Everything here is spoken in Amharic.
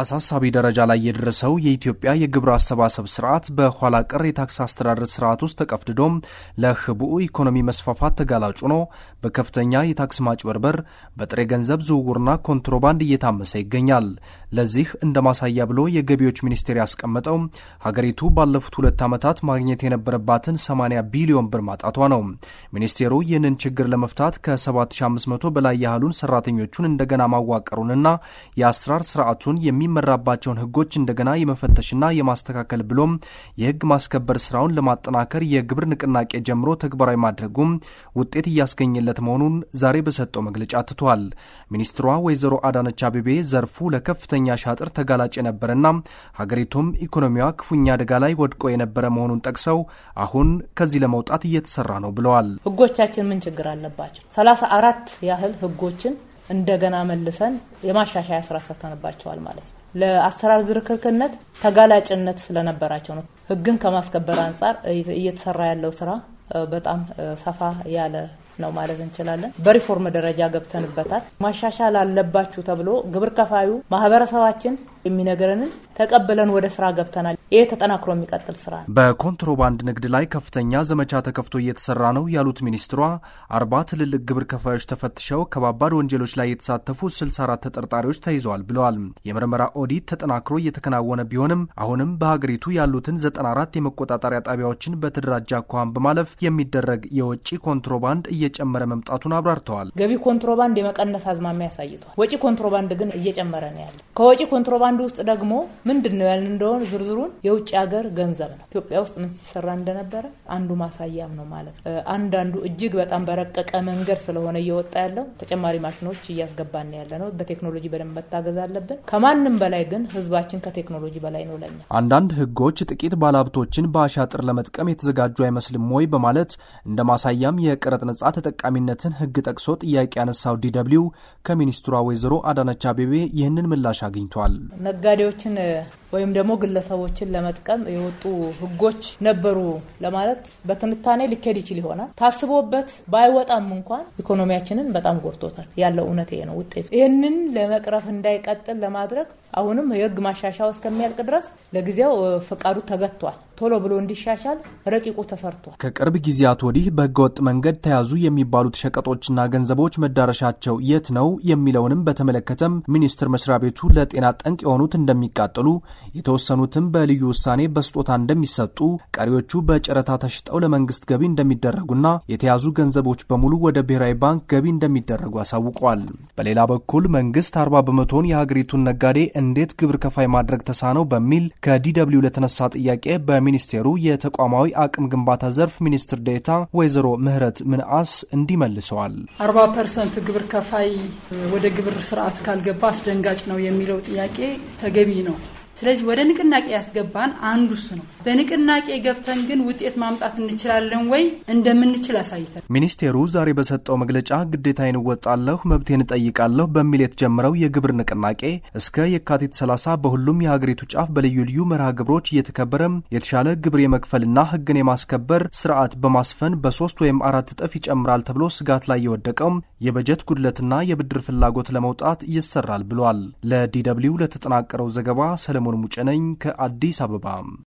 አሳሳቢ ደረጃ ላይ የደረሰው የኢትዮጵያ የግብር አሰባሰብ ስርዓት በኋላ ቀር የታክስ አስተዳደር ስርዓት ውስጥ ተቀፍድዶም ለህቡዕ ኢኮኖሚ መስፋፋት ተጋላጭ ሆኖ በከፍተኛ የታክስ ማጭበርበር፣ በጥሬ ገንዘብ ዝውውርና ኮንትሮባንድ እየታመሰ ይገኛል። ለዚህ እንደ ማሳያ ብሎ የገቢዎች ሚኒስቴር ያስቀመጠው ሀገሪቱ ባለፉት ሁለት ዓመታት ማግኘት የነበረባትን 80 ቢሊዮን ብር ማጣቷ ነው። ሚኒስቴሩ ይህንን ችግር ለመፍታት ከ7500 በላይ ያህሉን ሰራተኞቹን እንደገና ማዋቀሩንና የአሰራር ስርዓቱን የሚመራባቸውን ህጎች እንደገና የመፈተሽና የማስተካከል ብሎም የህግ ማስከበር ስራውን ለማጠናከር የግብር ንቅናቄ ጀምሮ ተግባራዊ ማድረጉም ውጤት እያስገኘለት መሆኑን ዛሬ በሰጠው መግለጫ ትቷል። ሚኒስትሯ ወይዘሮ አዳነች አቤቤ ዘርፉ ለከፍተኛ የስደተኛ ሻጥር ተጋላጭ የነበረና ሀገሪቱም ኢኮኖሚዋ ክፉኛ አደጋ ላይ ወድቆ የነበረ መሆኑን ጠቅሰው አሁን ከዚህ ለመውጣት እየተሰራ ነው ብለዋል። ህጎቻችን ምን ችግር አለባቸው? ሰላሳ አራት ያህል ህጎችን እንደገና መልሰን የማሻሻያ ስራ ሰርተንባቸዋል ማለት ነው። ለአሰራር ዝርክርክነት ተጋላጭነት ስለነበራቸው ነው። ህግን ከማስከበር አንጻር እየተሰራ ያለው ስራ በጣም ሰፋ ያለ ነው ማለት እንችላለን። በሪፎርም ደረጃ ገብተንበታል። ማሻሻል አለባችሁ ተብሎ ግብር ከፋዩ ማህበረሰባችን የሚነገረንን ተቀብለን ወደ ስራ ገብተናል። ይህ ተጠናክሮ የሚቀጥል ስራ ነው። በኮንትሮባንድ ንግድ ላይ ከፍተኛ ዘመቻ ተከፍቶ እየተሰራ ነው ያሉት ሚኒስትሯ አርባ ትልልቅ ግብር ከፋዮች ተፈትሸው ከባባድ ወንጀሎች ላይ የተሳተፉ 64 ተጠርጣሪዎች ተይዘዋል ብለዋል። የምርመራ ኦዲት ተጠናክሮ እየተከናወነ ቢሆንም አሁንም በሀገሪቱ ያሉትን 94 የመቆጣጠሪያ ጣቢያዎችን በተደራጀ አኳኋን በማለፍ የሚደረግ የውጭ ኮንትሮባንድ እየጨመረ መምጣቱን አብራርተዋል። ገቢ ኮንትሮባንድ የመቀነስ አዝማሚያ ያሳይቷል። ወጪ ኮንትሮባንድ ግን እየጨመረ ነው ያለ። ከወጪ ኮንትሮባንድ ውስጥ ደግሞ ምንድን ነው ያልን እንደሆን ዝርዝሩን የውጭ ሀገር ገንዘብ ነው። ኢትዮጵያ ውስጥ ምን ሲሰራ እንደነበረ አንዱ ማሳያም ነው ማለት ነው። አንዳንዱ እጅግ በጣም በረቀቀ መንገድ ስለሆነ እየወጣ ያለው ተጨማሪ ማሽኖች እያስገባን ያለ ነው። በቴክኖሎጂ በደንብ መታገዝ አለብን። ከማንም በላይ ግን ህዝባችን ከቴክኖሎጂ በላይ ነው ለኛ። አንዳንድ ህጎች ጥቂት ባለሀብቶችን በአሻጥር ለመጥቀም የተዘጋጁ አይመስልም ወይ በማለት እንደ ማሳያም የቀረጥ ነጻ ተጠቃሚነትን ሕግ ጠቅሶ ጥያቄ ያነሳው ዲደብሊው ከሚኒስትሯ ወይዘሮ አዳነች አቤቤ ይህንን ምላሽ አግኝቷል። ነጋዴዎችን ወይም ደግሞ ግለሰቦችን ለመጥቀም የወጡ ህጎች ነበሩ ለማለት በትንታኔ ሊካሄድ ይችል ይሆናል። ታስቦበት ባይወጣም እንኳን ኢኮኖሚያችንን በጣም ጎድቶታል። ያለው እውነት ይሄ ነው ውጤቱ። ይህንን ለመቅረፍ እንዳይቀጥል ለማድረግ አሁንም የህግ ማሻሻው እስከሚያልቅ ድረስ ለጊዜው ፈቃዱ ተገጥቷል። ቶሎ ብሎ እንዲሻሻል ረቂቁ ተሰርቷል። ከቅርብ ጊዜያት ወዲህ በህገወጥ መንገድ ተያዙ የሚባሉት ሸቀጦችና ገንዘቦች መዳረሻቸው የት ነው የሚለውንም በተመለከተም ሚኒስቴር መስሪያ ቤቱ ለጤና ጠንቅ የሆኑት እንደሚቃጠሉ የተወሰኑትም በልዩ ውሳኔ በስጦታ እንደሚሰጡ፣ ቀሪዎቹ በጨረታ ተሽጠው ለመንግስት ገቢ እንደሚደረጉና የተያዙ ገንዘቦች በሙሉ ወደ ብሔራዊ ባንክ ገቢ እንደሚደረጉ አሳውቋል። በሌላ በኩል መንግስት 40 በመቶውን የሀገሪቱን ነጋዴ እንዴት ግብር ከፋይ ማድረግ ተሳነው በሚል ከዲደብሊው ለተነሳ ጥያቄ በሚኒስቴሩ የተቋማዊ አቅም ግንባታ ዘርፍ ሚኒስትር ዴታ ወይዘሮ ምህረት ምንአስ እንዲመልሰዋል። 40 ፐርሰንት ግብር ከፋይ ወደ ግብር ስርዓቱ ካልገባ አስደንጋጭ ነው የሚለው ጥያቄ ተገቢ ነው። ስለዚህ ወደ ንቅናቄ ያስገባን አንዱ እሱ ነው። በንቅናቄ ገብተን ግን ውጤት ማምጣት እንችላለን ወይ እንደምንችል አሳይተን ሚኒስቴሩ ዛሬ በሰጠው መግለጫ ግዴታዬን እወጣለሁ፣ መብቴን እጠይቃለሁ በሚል የተጀመረው የግብር ንቅናቄ እስከ የካቲት 30 በሁሉም የሀገሪቱ ጫፍ በልዩ ልዩ መርሃ ግብሮች እየተከበረ የተሻለ ግብር የመክፈልና ህግን የማስከበር ስርዓት በማስፈን በሶስት ወይም አራት እጥፍ ይጨምራል ተብሎ ስጋት ላይ የወደቀው የበጀት ጉድለትና የብድር ፍላጎት ለመውጣት ይሰራል ብሏል። ለዲ ደብልዩ ለተጠናቀረው ዘገባ ሰለሞን ሰለሞን ሙጨነኝ ከአዲስ አበባ